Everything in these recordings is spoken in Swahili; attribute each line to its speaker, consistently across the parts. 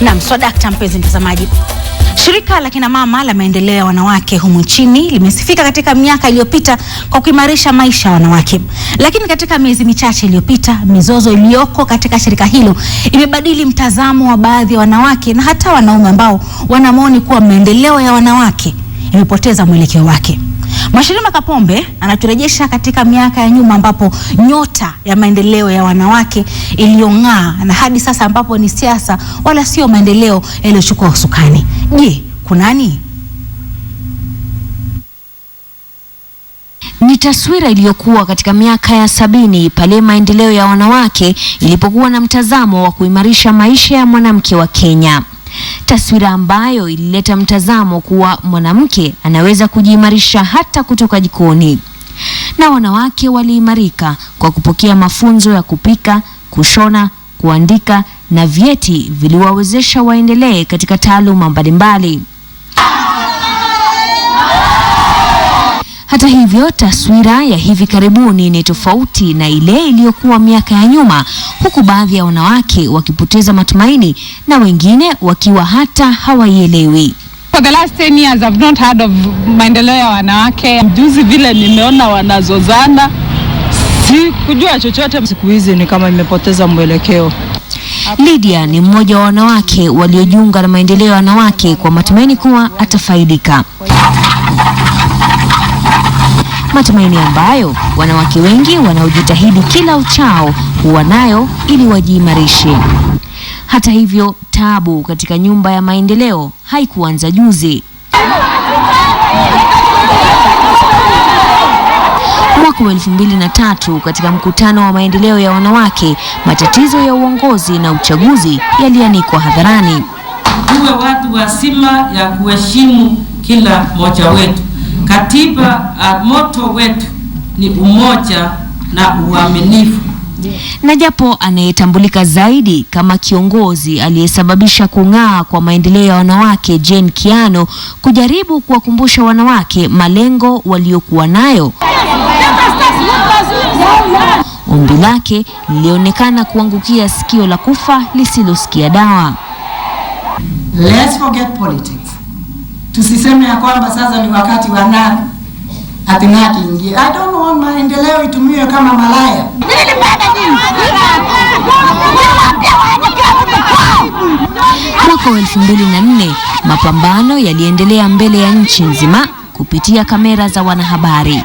Speaker 1: Naam, swadakta mpenzi mtazamaji. Shirika la kina mama la maendeleo ya wanawake humu nchini limesifika katika miaka iliyopita kwa kuimarisha maisha ya wanawake, lakini katika miezi michache iliyopita mizozo iliyoko katika shirika hilo imebadili mtazamo wa baadhi ya wanawake na hata wanaume ambao wanamoni kuwa maendeleo ya wanawake imepoteza mwelekeo wake. Mwashirima Kapombe anaturejesha katika miaka ya nyuma ambapo nyota ya maendeleo ya wanawake iliyong'aa na hadi sasa ambapo ni siasa wala sio maendeleo yaliyochukua usukani. Je, kunani? Ni taswira iliyokuwa katika miaka ya sabini pale maendeleo ya wanawake ilipokuwa na mtazamo wa kuimarisha maisha ya mwanamke wa Kenya taswira ambayo ilileta mtazamo kuwa mwanamke anaweza kujiimarisha hata kutoka jikoni, na wanawake waliimarika kwa kupokea mafunzo ya kupika, kushona, kuandika na vyeti viliwawezesha waendelee katika taaluma mbalimbali. Hata hivyo, taswira ya hivi karibuni ni tofauti na ile iliyokuwa miaka ya nyuma, huku baadhi ya wanawake wakipoteza matumaini na wengine wakiwa hata hawaielewi.
Speaker 2: For the last 10 years I've not heard of maendeleo ya wanawake. Juzi vile nimeona wanazozana, si kujua chochote. Siku hizi ni kama imepoteza mwelekeo.
Speaker 1: Lydia ni mmoja wa wanawake waliojiunga na maendeleo ya wanawake kwa matumaini kuwa atafaidika matumaini ambayo wanawake wengi wanaojitahidi kila uchao huwa nayo ili wajiimarishe. Hata hivyo, tabu katika nyumba ya maendeleo haikuanza juzi. Mwaka wa elfu mbili na tatu katika mkutano wa maendeleo ya wanawake, matatizo ya uongozi na uchaguzi yalianikwa hadharani.
Speaker 2: Tuwe watu wasima ya kuheshimu kila mmoja wetu. Katiba uh, moto wetu ni umoja na uaminifu.
Speaker 1: Na japo anayetambulika zaidi kama kiongozi aliyesababisha kung'aa kwa maendeleo ya wanawake Jane Kiano, kujaribu kuwakumbusha wanawake malengo waliokuwa nayo. Ombi lake lilionekana kuangukia sikio la kufa lisilosikia dawa.
Speaker 2: Let's forget politics. Tusiseme ya kwamba sasa ni wakati wa nani ati atinaki ingie. I don't want maendeleo itumiwe kama malaya.
Speaker 1: Mwaka wa elfu mbili na nne mapambano yaliendelea mbele ya nchi nzima kupitia kamera za wanahabari,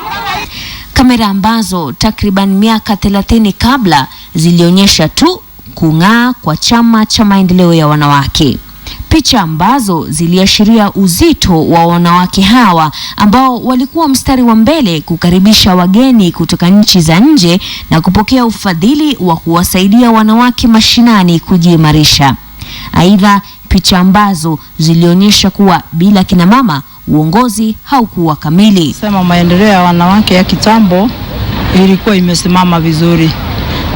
Speaker 1: kamera ambazo takriban miaka thelathini kabla zilionyesha tu kung'aa kwa chama cha maendeleo ya wanawake picha ambazo ziliashiria uzito wa wanawake hawa ambao walikuwa mstari wa mbele kukaribisha wageni kutoka nchi za nje na kupokea ufadhili wa kuwasaidia wanawake mashinani kujiimarisha. Aidha, picha ambazo zilionyesha kuwa bila kina mama uongozi haukuwa kamili.
Speaker 2: Sema maendeleo ya wanawake ya kitambo ilikuwa imesimama vizuri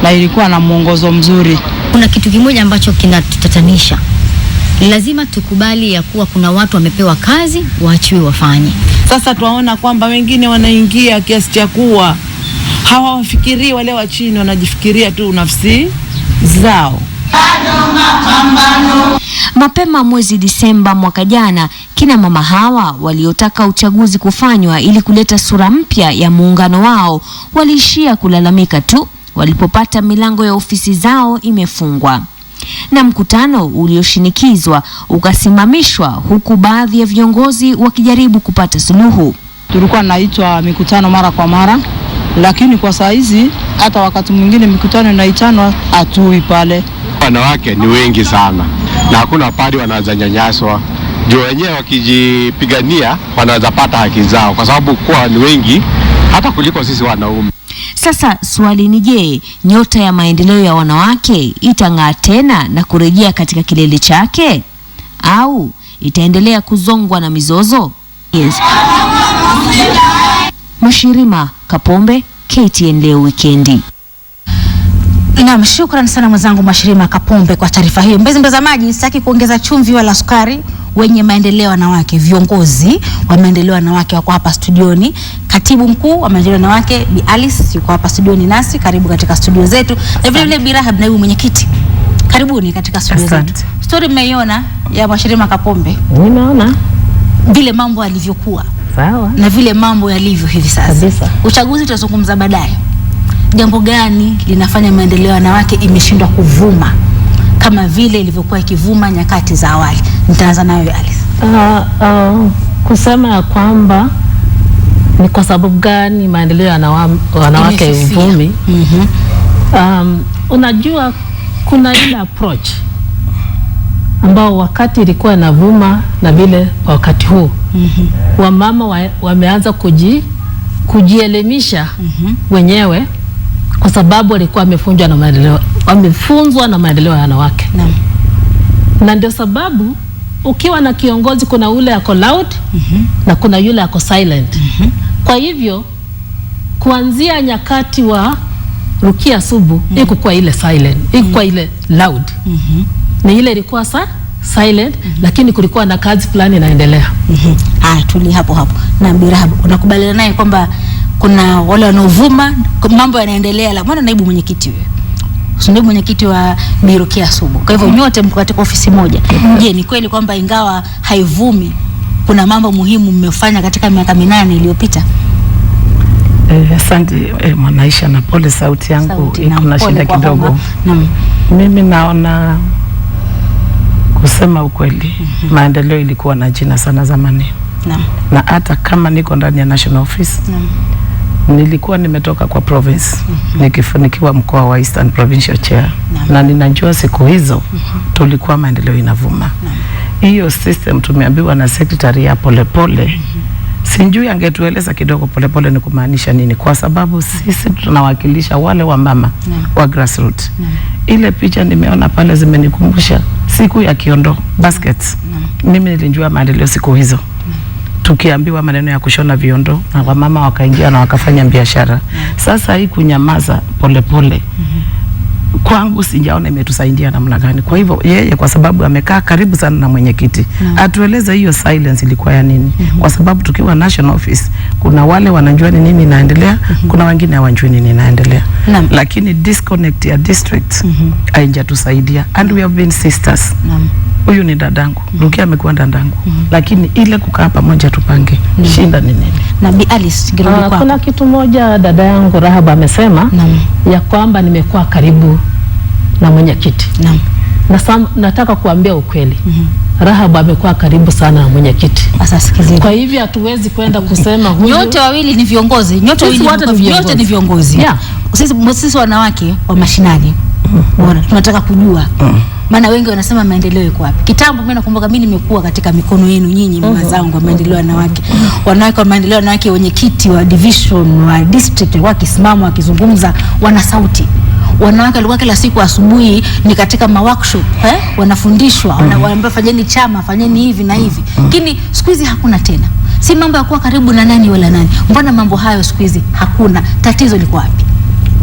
Speaker 2: na ilikuwa na mwongozo mzuri.
Speaker 1: Kuna kitu kimoja ambacho kinatutatanisha lazima tukubali ya kuwa kuna watu wamepewa kazi waachiwe wafanye.
Speaker 2: Sasa twaona kwamba wengine wanaingia kiasi cha kuwa hawawafikirii wale wa chini, wanajifikiria tu nafsi zao.
Speaker 1: Mapema mwezi Disemba mwaka jana, kina mama hawa waliotaka uchaguzi kufanywa ili kuleta sura mpya ya muungano wao waliishia kulalamika tu walipopata milango ya ofisi zao imefungwa na mkutano ulioshinikizwa ukasimamishwa huku baadhi ya viongozi wakijaribu kupata suluhu.
Speaker 2: Tulikuwa naitwa mikutano mara kwa mara, lakini kwa saa hizi hata wakati mwingine mikutano inaitanwa hatui pale.
Speaker 3: Wanawake ni wengi sana na hakuna pahali wanaweza nyanyaswa juu wenyewe wakijipigania wanaweza pata haki zao, kwa sababu kuwa ni wengi hata kuliko sisi wanaume.
Speaker 1: Sasa swali ni je, nyota ya maendeleo ya wanawake itang'aa tena na kurejea katika kilele chake au itaendelea kuzongwa na mizozo? Yes. Mushirima Kapombe, KTN leo wikendi. Naam, shukran sana mwenzangu Mwashirima Kapombe kwa taarifa hiyo. Mpenzi mtazamaji, sitaki kuongeza chumvi wala sukari. Wenye maendeleo wanawake, viongozi wa maendeleo wanawake wako hapa studioni. Katibu mkuu wa maendeleo wanawake Bi Alice yuko hapa studioni nasi, karibu katika studio zetu, na vile vile Bi Rahab, naibu mwenyekiti, karibuni katika studio zetu. Stori mmeiona ya Mwashirima Kapombe, nimeona vile mambo yalivyokuwa sawa na vile mambo yalivyo hivi sasa. Kabisa. Uchaguzi tutazungumza baadaye jambo gani linafanya maendeleo ya wanawake imeshindwa kuvuma kama vile ilivyokuwa ikivuma nyakati za awali? Nitaanza nayo Alice. Uh,
Speaker 2: uh, kusema ya kwamba ni kwa sababu gani maendeleo ya wanawake ivumi? mm -hmm. Um, unajua kuna ile approach ambao wakati ilikuwa inavuma na vile kwa wakati huu mm -hmm. wamama wameanza kuji kujielimisha mm -hmm. wenyewe kwa sababu alikuwa amefunzwa na maendeleo, amefunzwa na maendeleo ya wanawake na, na ndio sababu ukiwa na kiongozi kuna ule ako loud mm -hmm. na kuna yule ako silent mm -hmm. kwa hivyo kuanzia nyakati wa Rukia Subu mm -hmm. kwa ile silent iko kwa mhm. ile loud mm -hmm. na ile ilikuwa sa silent mm -hmm. lakini kulikuwa na kazi fulani inaendelea. mm
Speaker 1: -hmm. Ah, tuli hapo hapo na Birahabu, unakubaliana naye kwamba kuna wale wanaovuma mambo yanaendelea, la mwana naibu mwenyekiti huyo naibu mwenyekiti wa birokia Kia Kwa hivyo mm-hmm. nyote mko katika ofisi moja. Mm-hmm. Je, ni kweli kwamba ingawa haivumi kuna mambo muhimu mmefanya katika miaka minane iliyopita?
Speaker 4: Eh, asante eh, Mwanaisha, na pole, sauti yangu iko na shida kidogo. Mimi naona kusema ukweli, mm -hmm. maendeleo ilikuwa na jina sana zamani na hata kama niko ndani ya national office Naam nilikuwa nimetoka kwa province mm -hmm. mkoa wa Eastern Provincial Chair mm -hmm. na ninajua siku hizo mm -hmm. tulikuwa maendeleo inavuma hiyo mm -hmm. system tumeambiwa na secretary ya polepole mm -hmm. sinjui angetueleza kidogo polepole ni kumaanisha nini, kwa sababu sisi tunawakilisha wale wa mama wa grassroots ile picha nimeona pale zimenikumbusha siku ya Kiondo baskets mimi nilijua maendeleo siku hizo mm tukiambiwa maneno ya kushona viondo na wamama wakaingia na wakafanya biashara. Sasa hii kunyamaza polepole kwangu sijaona imetusaidia namna gani. Kwa hivyo yeye, kwa sababu amekaa karibu sana na mwenyekiti, mm. atueleze hiyo silence ilikuwa ya nini? mm -hmm. Kwa sababu tukiwa national office kuna wale wanajua ni nini inaendelea, mm -hmm. kuna wengine hawajui nini inaendelea, lakini disconnect ya district mm-hmm. haijatusaidia, and we have been sisters. Naam huyu ni dadangu mm -hmm. Rukia amekuwa dadangu mm -hmm. Lakini ile kukaa pamoja tupange mm -hmm. Shinda ni nini?
Speaker 1: Nabi Alice
Speaker 2: ah, kuna kitu moja dada yangu Rahab amesema mm ya kwamba nimekuwa karibu na mwenyekiti mm na sam, nataka kuambia ukweli mm -hmm. Rahabu amekuwa karibu sana na mwenyekiti. Kwa hivyo hatuwezi kwenda kusema
Speaker 1: huyu. Nyote wawili ni viongozi, nyote wawili ni viongozi. Sisi wanawake wa mashinani Unaona, tunataka kujua mm. maana wengi wanasema maendeleo iko wapi? Kitambo mimi nakumbuka mimi nimekuwa katika mikono yenu nyinyi mama mm-hmm. zangu wa maendeleo ya wanawake. Mm-hmm. Mm-hmm. Wanawake wa maendeleo ya wanawake wenye kiti wa division wa district wakisimama wakizungumza wana sauti. Wanawake walikuwa kila siku asubuhi ni katika ma workshop eh, wanafundishwa wanaambiwa fanyeni chama, fanyeni hivi na hivi. Lakini siku hizi hakuna tena. Si mambo ya kuwa karibu na nani wala nani. Mbona mambo hayo siku hizi hakuna? Tatizo liko wapi?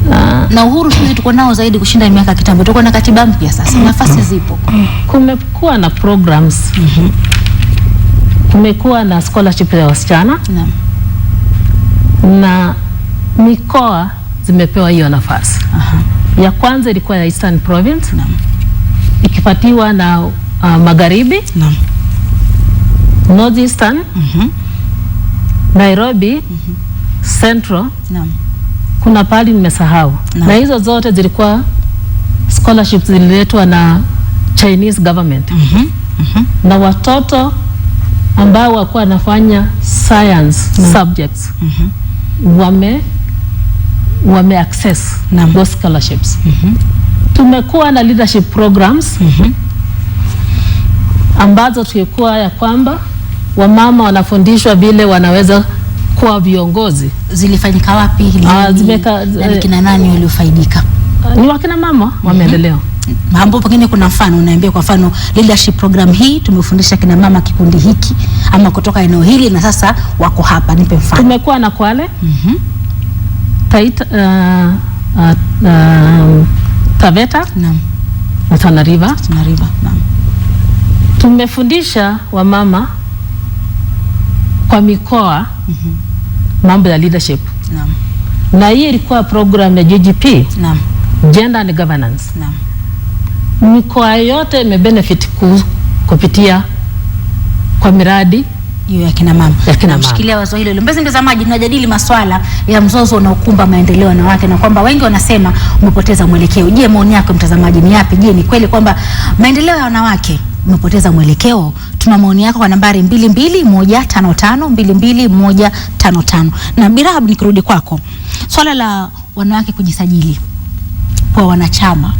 Speaker 1: na, ah. na uhuru sisi tuko nao zaidi kushinda miaka kitambo. Tuko na katiba mpya sasa, nafasi zipo.
Speaker 2: Kumekuwa na programs mm -hmm. Kumekuwa na scholarship ya wasichana na, na mikoa zimepewa hiyo nafasi. Aha. Ya kwanza ilikuwa ya Eastern Province na, na uh, Magharibi na, Northeastern mm -hmm. Nairobi mm -hmm. Central na, kuna pali nimesahau no. Na hizo zote zilikuwa scholarship zililetwa na Chinese government mm -hmm. Mm -hmm. Na watoto ambao wakuwa wanafanya science mm -hmm. subjects mm -hmm. wame wame access no. those scholarships mm -hmm. Tumekuwa na leadership programs mm -hmm. ambazo tulikuwa ya kwamba wamama wanafundishwa vile wanaweza kuwa viongozi.
Speaker 1: Zilifanyika wapi? Ah, Ni eh, kina nani waliofaidika?
Speaker 2: Ah, ni wakina mama wameendelea. Mhm.
Speaker 1: Mambo pengine kuna mfano unaambia, kwa mfano leadership program hii tumefundisha kina mama kikundi hiki ama kutoka eneo hili na sasa wako hapa, nipe mfano.
Speaker 2: Tumekuwa na Kwale mm Taita, uh, uh, uh, Taveta Naam. na Tana River. Tana River. Naam. Tumefundisha wamama kwa mikoa mm mambo ya leadership. Naam. Na hii ilikuwa program ya GGP. Naam. Gender and governance. Naam. Mikoa yote imebenefit kupitia kwa miradi
Speaker 1: hiyo ya kina mama. Mshikilia wazo hilo. hilo Mpenzi mtazamaji, tunajadili maswala ya mzozo unaokumba maendeleo ya wanawake na kwamba wengi wanasema umepoteza mwelekeo. Je, maoni yako mtazamaji ni yapi? Je, ni kweli kwamba maendeleo ya wanawake umepoteza mwelekeo. Tuna maoni yako kwa nambari 2215522155 22, na Birahab, nikirudi kwako, swala la wanawake kujisajili kwa wanachama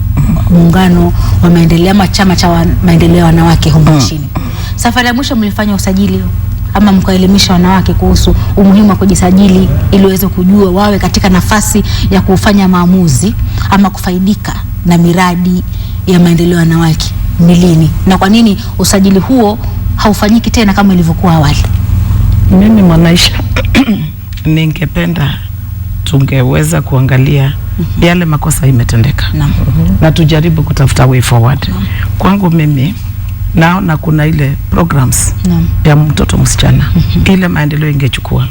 Speaker 1: muungano wa maendeleo ama chama cha maendeleo ya wanawake humu mm. nchini, safari ya mwisho mlifanya usajili ama mkaelimisha wanawake kuhusu umuhimu wa kujisajili ili waweze kujua wawe katika nafasi ya kufanya maamuzi ama kufaidika na miradi ya maendeleo ya wanawake ni lini na kwa nini usajili huo haufanyiki tena kama ilivyokuwa awali?
Speaker 4: Mimi Mwanaisha, ningependa tungeweza kuangalia mm -hmm. yale makosa imetendeka na, mm -hmm. na tujaribu kutafuta way forward. Na. Kwangu mimi naona kuna ile programs na. ya mtoto msichana mm -hmm. ile maendeleo ingechukua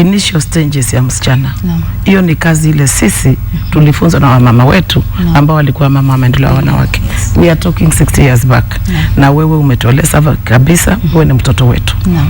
Speaker 4: initial stages ya msichana hiyo no. Ni kazi ile sisi mhm. tulifunzwa na wamama wetu no. ambao walikuwa mama wa maendeleo ya wanawake yes. We are talking 60 years back no. Na wewe umetoleza kabisa mm -hmm. Wewe ni mtoto wetu no.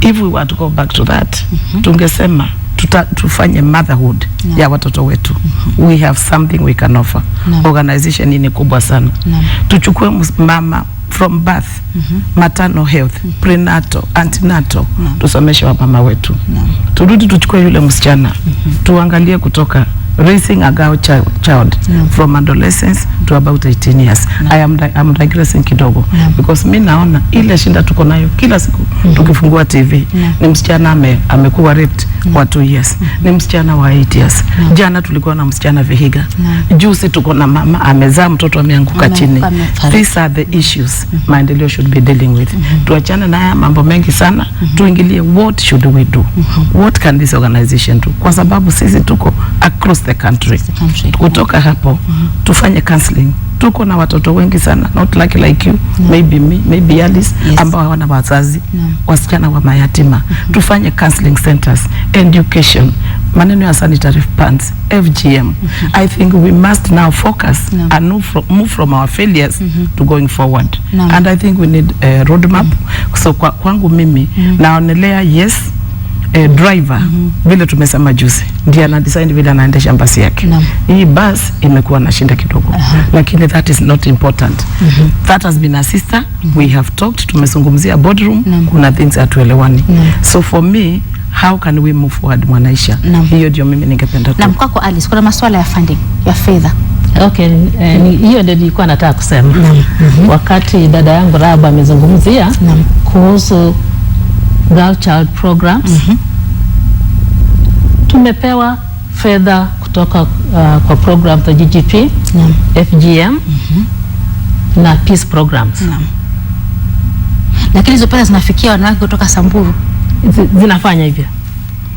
Speaker 4: If we were to go back to that mm -hmm. tungesema tuta, tufanye motherhood no. ya watoto wetu mm -hmm. We have something we can offer no. Organization ni kubwa sana no. Tuchukue mama from birth mm -hmm. maternal health mm -hmm. prenatal antenatal -hmm. tusomeshe wamama wetu -hmm. Turudi tuchukue yule msichana mm -hmm. tuangalie kutoka raising a girl ch child yeah. from adolescence to about 18 years yeah. I am di I'm digressing kidogo yeah. because mi naona ile shinda tuko nayo kila siku mm -hmm. tukifungua TV yeah. ni msichana ame, amekuwa raped yeah. wa 2 years mm -hmm. ni msichana wa 8 years yeah. jana tulikuwa na msichana Vihiga yeah. juzi tuko na mama amezaa mtoto ameanguka chini these are the issues mm -hmm. maendeleo should be dealing with mm -hmm. tuachane na haya mambo mengi sana mm -hmm. tuingilie what should we do mm -hmm. what can this organization do kwa sababu sisi tuko across the country, the country. Kutoka hapo mm -hmm. tufanye counseling. Tuko na watoto wengi sana not lucky like you no. maybe me, maybe Alice yes. ambao hawana wazazi no. wasichana wa mayatima mm -hmm. tufanye counseling centers, education, maneno ya sanitary pads, FGM mm -hmm. I think we must now focus no. and move from, move from our failures mm -hmm. to going forward no. and I think we need a roadmap mm -hmm. so kwa, kwangu mimi mm -hmm. naonelea yes eh, driver mm -hmm. vile tumesema juzi ndiye ana design vile anaendesha basi yake no. Hii bus imekuwa na shinda kidogo uh -huh. Lakini that is not important mm -hmm. That has been a sister mm -hmm. We have talked, tumezungumzia boardroom no. Kuna things hatuelewani no. So for me how can we move forward Mwanaisha no. Hiyo ndio mimi ningependa tu.
Speaker 1: Na mkwako Alice, kuna masuala ya funding ya fedha
Speaker 2: Okay, eh, ni, hiyo ndio nilikuwa nataka kusema mm -hmm. Wakati dada yangu Rahabu amezungumzia mm-hmm. kuhusu girl child programs mm -hmm. Tumepewa fedha kutoka uh, kwa program za GGP mm -hmm. FGM mm -hmm. na peace programs mm -hmm.
Speaker 1: Lakini hizo pesa zinafikia wanawake kutoka Samburu
Speaker 2: Z zinafanya hivyo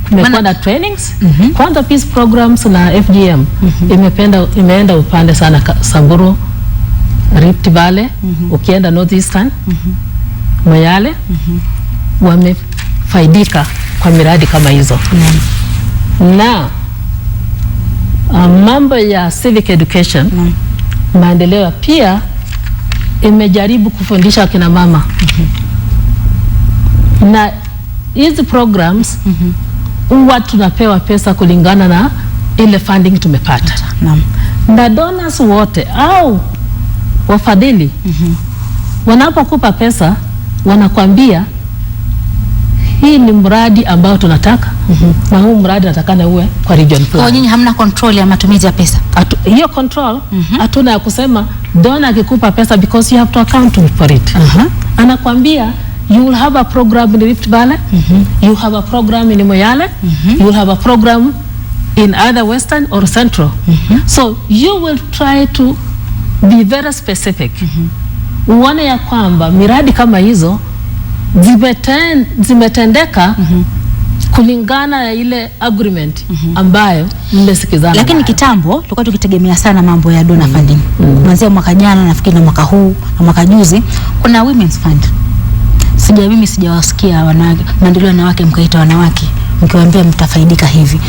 Speaker 2: tumekuwa trainings mm -hmm. Kwanza peace programs na FGM mm -hmm. imependa imeenda upande sana Samburu, Rift Valley mm -hmm. ukienda Northeastern mm -hmm. Moyale mm -hmm wamefaidika kwa miradi kama hizo mm. na uh, mambo ya civic education mm. maendeleo pia imejaribu kufundisha akina mama mm -hmm. na hizi programs mm -hmm huwa tunapewa pesa kulingana na ile funding tumepata na, na donors wote au wafadhili mm -hmm. wanapokupa pesa wanakwambia hii ni mradi ambao tunataka mm -hmm. na huu mradi natakana uwe kwa region
Speaker 1: plan. Kwa nyinyi hamna control ya matumizi ya pesa
Speaker 2: Atu, hiyo control mhm. hatuna mm -hmm. ya kusema dona akikupa pesa because you have to account for it uh -huh. anakwambia you will have a program in Rift Valley mm -hmm. you have a program in Moyale mm -hmm. you will have a program in either western or central mm -hmm. so you will try to be very specific mm -hmm. uone ya kwamba miradi kama hizo zimeten, zimetendeka mm -hmm kulingana na ile agreement mhm. ambayo mmesikizana.
Speaker 1: Lakini kitambo tulikuwa tukitegemea sana mambo ya donor mm. funding mm. kuanzia mwaka jana nafikiri na mwaka huu na mwaka juzi, kuna women's fund. Sija mimi sijawasikia wanawake maendeleo wanawake mkaita wanawake nikiwaambia mtafaidika hivi,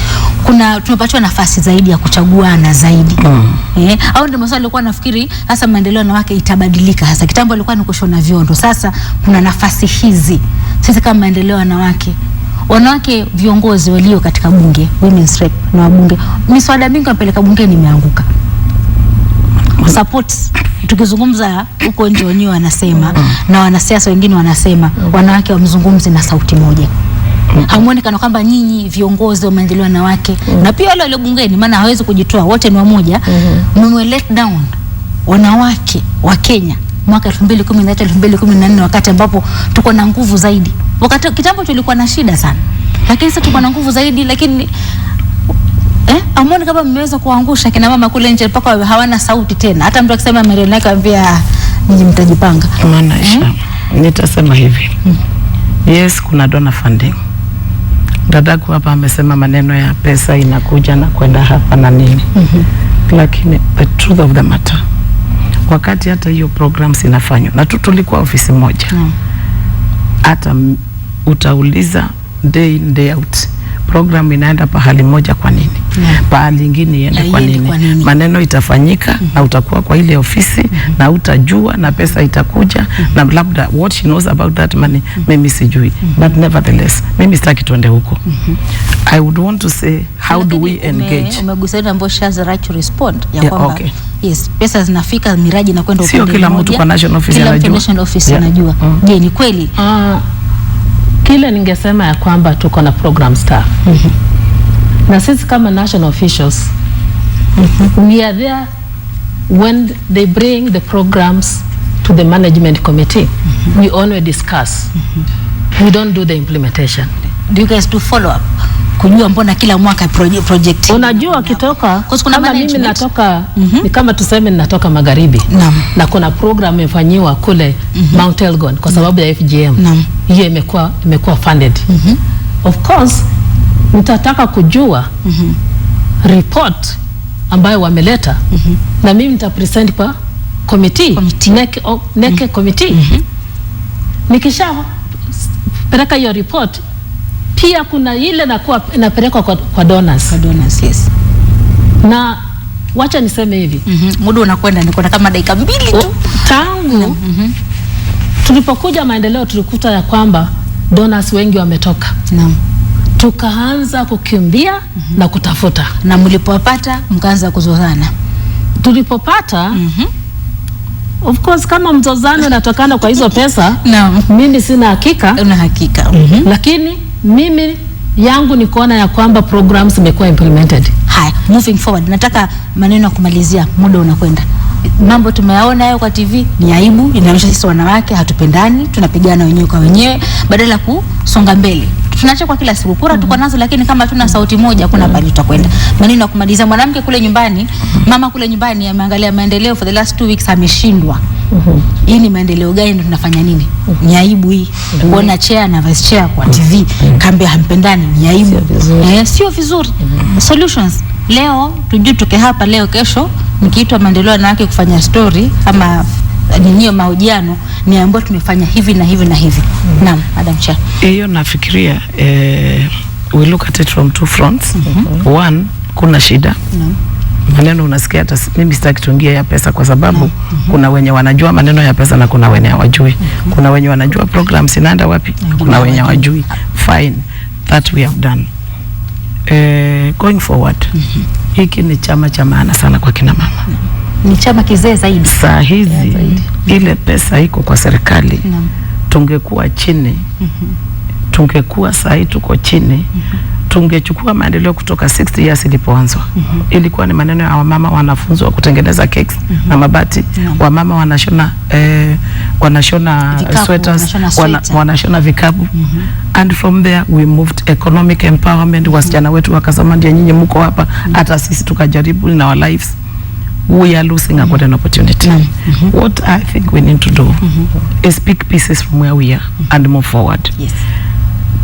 Speaker 1: kuna tumepatiwa nafasi zaidi ya kuchaguana zaidi mm. Eh, au ndio maswali alikuwa nafikiri hasa maendeleo na wake itabadilika. Hasa kitambo alikuwa ni kushona viondo, sasa kuna nafasi hizi. Sisi kama maendeleo wanawake wanawake viongozi walio katika bunge women's rep na wabunge, miswada mingi wamepeleka bungeni imeanguka support tukizungumza huko nje wenyewe wanasema mm. na wanasiasa wengine wanasema wanawake wamzungumzi na sauti moja mm -hmm. kana kwamba nyinyi viongozi wa maendeleo wanawake mm na pia wale walio bungeni, maana hawezi kujitoa wote ni wamoja mm -hmm. mwe let down wanawake wa Kenya mwaka 2013 2014, wakati ambapo tuko na nguvu zaidi. Wakati kitambo tulikuwa na shida sana, lakini sasa tuko na nguvu zaidi, lakini eh, amoni kama mmeweza kuangusha kina mama kule nje mpaka hawana sauti tena. Hata mtu akisema Mariam yake ambia ah, nyinyi mtajipanga,
Speaker 4: maana eh? Nitasema hivi mm. Yes, kuna donor funding mm dadaku hapa amesema maneno ya pesa inakuja na kwenda hapa na nini mm -hmm. Lakini the truth of the matter, wakati hata hiyo programs inafanywa na tu tulikuwa ofisi moja mm. Hata utauliza day in day out program inaenda pahali moja, kwa nini yeah. pahali ingine iende kwa nini? Kwa nini maneno itafanyika mm -hmm. na utakuwa kwa ile ofisi mm -hmm. na utajua na pesa itakuja mm -hmm. na labda what she knows about that money mm -hmm. mimi sijui mm -hmm. but nevertheless mimi sitaki tuende huko mm -hmm. I would want to say how do we engage.
Speaker 1: Umegusa ile ambayo right to respond ya yeah, kwamba okay. Yes, pesa zinafika, miradi inakwenda
Speaker 4: upande mmoja. Sio kila mtu kwa national office
Speaker 1: anajua. national office anajua. Mm. Je, ni kweli? Ah
Speaker 2: kile ningesema ya kwamba tuko na program staff mm -hmm. na sisi kama national officials mm -hmm. we are there when they bring the programs to the management committee mm -hmm. we only discuss mm -hmm. we don't do the implementation
Speaker 1: do you guys do follow up kujua mbona kila mwaka proje, project
Speaker 2: unajua kitoka kuna kama mimi natoka mm -hmm. ni kama tuseme ninatoka magharibi na, na kuna program imefanyiwa kule mm -hmm. Mount Elgon kwa sababu ya FGM na hiyo imekuwa imekuwa funded. mm -hmm. Of course nitataka kujua mm -hmm. report ambayo wameleta mm -hmm. na mimi nitapresent kwa committee committee. neke oh, neke mhm. committee mm -hmm. nikisha peleka hiyo report pia kuna ile nakuwa inapelekwa kwa, kwa donors, kwa donors yes. Na wacha niseme hivi, mhm.
Speaker 1: muda mm -hmm. unakwenda, niko na kama dakika mbili tu oh,
Speaker 2: tangu mm -hmm. Tulipokuja maendeleo tulikuta ya kwamba donors wengi wametoka. Naam. Tukaanza kukimbia mm -hmm. na kutafuta.
Speaker 1: Na mlipopata mkaanza kuzozana?
Speaker 2: Tulipopata mm -hmm. Of course kama mzozano unatokana kwa hizo pesa no. Mimi sina hakika.
Speaker 1: Una hakika. Mm
Speaker 2: -hmm. Lakini mimi yangu ni kuona ya kwamba programs zimekuwa implemented.
Speaker 1: Haya, moving forward, nataka maneno ya kumalizia, muda unakwenda mambo tumeyaona hayo kwa TV ni aibu, inaonyesha sisi wanawake hatupendani, tunapigana wenyewe kwa wenyewe badala ya kusonga mbele. Tunachekwa kila siku, kura tuko mm-hmm. nazo, lakini kama tuna sauti moja, kuna mm-hmm. pale tutakwenda. Maneno ya kumaliza, mwanamke kule nyumbani, mama kule nyumbani ameangalia maendeleo for the last two weeks, ameshindwa. Mm-hmm. Hii ni maendeleo gani? Ndo tunafanya nini? Ni aibu hii kuona chair na vice chair kwa TV, kambi hampendani, ni aibu eh, sio vizuri. Solutions leo tujue, tuke hapa leo, kesho nikiitwa maendeleo wanawake kufanya stori ama ninio mahojiano niambiwa tumefanya hivi na hivi na hivi. Mm. Naam, Madam Chair.
Speaker 4: Eh, hiyo nafikiria eh, we look at it from two fronts. Mm -hmm. One, kuna shida. Naam. Maneno unasikia hata mimi sitaki tuingie ya pesa kwa sababu mm -hmm. kuna wenye wanajua maneno ya pesa na kuna wenye hawajui. Mm -hmm. Kuna wenye wanajua programs inaenda wapi, mm -hmm. kuna wenye hawajui. Fine. That we have done eh, going forward mm -hmm. hiki ni chama cha maana sana kwa kina mama mm
Speaker 1: -hmm. ni chama kizee zaidi
Speaker 4: saa hizi yeah, zaidi. ile pesa iko kwa serikali tungekuwa chini mm -hmm. tungekuwa saa hii tuko chini mm -hmm tungechukua maendeleo kutoka 60 years ilipoanzwa. mm -hmm. Ilikuwa ni maneno ya wamama wanafunzwa kutengeneza keki mm -hmm. na mabati yeah. Mhm. Wamama wanashona eh, wanashona vikabu, sweaters wanashona, wana, wanashona vikabu mm -hmm. and from there we moved economic empowerment mm -hmm. Wasichana mhm. wetu wakasema ndio nyinyi mko hapa mhm. hata mm -hmm. sisi tukajaribu in our lives we are losing mm -hmm. a golden opportunity mm -hmm. What I think we need to do mm -hmm. is pick pieces from where we are mm -hmm. and move forward yes.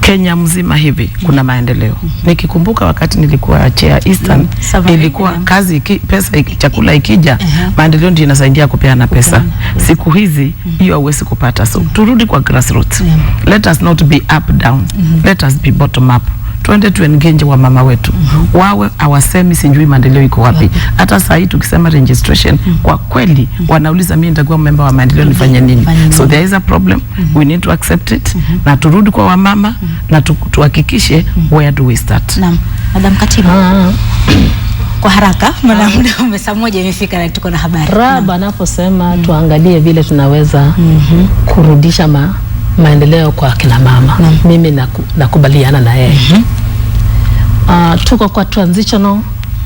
Speaker 4: Kenya mzima hivi kuna maendeleo. mm -hmm. Nikikumbuka wakati nilikuwa chair Eastern mm -hmm. ilikuwa kazi iki, pesa iki, chakula ikija maendeleo ndio inasaidia kupeana pesa. Siku hizi hiyo hauwezi kupata, so mm. turudi kwa grassroots. Let us not be up down. Mm-hmm. Let us be bottom up twende tuengenje wa mama wetu mm -hmm. wawe awasemi sijui maendeleo iko wapi. Hata saa hii tukisema registration mm -hmm. kwa kweli mm -hmm. wanauliza mimi nitakuwa memba wa maendeleo nifanye nini? So there is a problem mm -hmm. we need to accept it mm -hmm. na turudi kwa wamama mm -hmm. na tuhakikishe mm -hmm. where do we start. Naam,
Speaker 1: madam katibu ah. Kwa haraka maana muda umesa moja imefika na tuko na habari.
Speaker 2: Raba anaposema mm -hmm. tuangalie vile tunaweza mm -hmm. kurudisha ma maendeleo kwa kina mama mm -hmm. Mimi nakubaliana na yeye mm -hmm. uh, tuko kwa transitional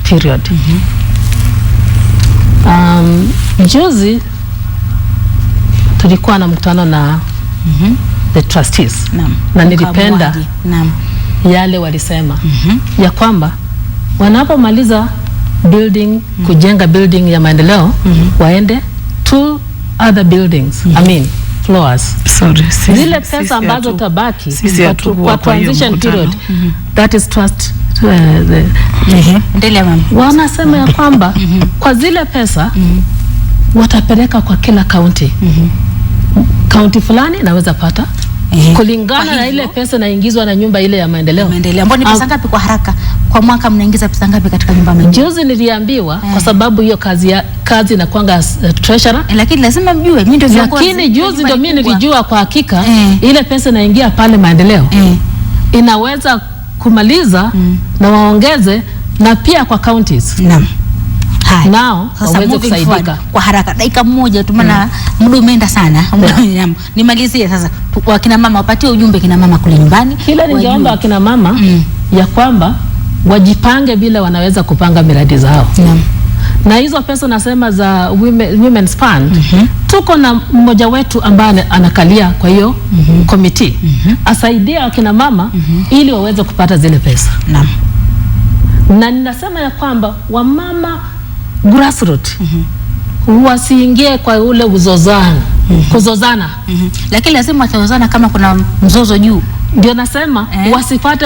Speaker 2: period mm -hmm. um, juzi tulikuwa na mkutano na mm -hmm. the trustees na nilipenda yale walisema mm -hmm. ya kwamba wanapomaliza building mm -hmm. kujenga building ya maendeleo mm -hmm. waende two other buildings mm -hmm. I mm-hmm. mean followers. Sorry, sisi, zile pesa ambazo tabaki kwa transition period mm -hmm. that is trust uh, the, mm -hmm. wanasema ya kwamba mm -hmm. kwa zile pesa mm -hmm. watapeleka kwa kila kaunti mm -hmm. kaunti fulani naweza pata mhm. kulingana na ile pesa inaingizwa na nyumba ile ya maendeleo.
Speaker 1: Maendeleo ambapo ni pesa ngapi kwa haraka? kwa mwaka mnaingiza pesa ngapi katika nyumba mjini?
Speaker 2: Juzi niliambiwa Kwa eh. sababu hiyo kazi ya kazi inakwanga uh, treasurer
Speaker 1: eh, lakini lazima mjue, mimi
Speaker 2: ndio lakini juzi ndio mimi nilijua kwa hakika yeah. Ile pesa inaingia pale maendeleo yeah. Inaweza kumaliza mm. na waongeze na pia kwa counties naam nao
Speaker 1: waweze kusaidika kwa haraka. Dakika moja tu, maana mm. muda umeenda sana. Nimalizie sasa, wakina mama wapatie ujumbe, kina mama kule nyumbani,
Speaker 2: kila ningeomba wakina mama mm. ya kwamba wajipange vile wanaweza kupanga miradi zao yeah. Na hizo pesa nasema za women, women's fund mm -hmm. Tuko na mmoja wetu ambaye anakalia kwa hiyo mm -hmm. komiti mm -hmm. asaidia wakina mama mm -hmm. ili waweze kupata zile pesa na, na ninasema ya kwamba wamama grassroots mm -hmm wasiingie kwa ule uzozana mm -hmm. kuzozana mm
Speaker 1: -hmm. Lakini lazima watazozana kama kuna mzozo juu
Speaker 2: ndio nasema eh, wasipate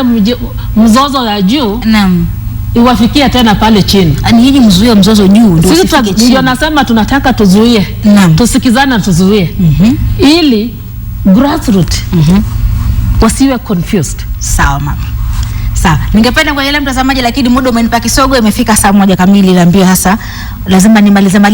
Speaker 2: mzozo ya juu naam iwafikia tena pale chini.
Speaker 1: Ani hili mzuie mzozo juu
Speaker 2: ndio sisi Ndio nasema tunataka tuzuie. Naam. Tusikizane tuzuie. Mm -hmm. Ili grassroots mm wasiwe confused.
Speaker 1: Sawa mama. Sawa. Ningependa yale mtazamaji, lakini muda umenipa kisogo, imefika saa moja kamili naambiwa sasa lazima nimalize malize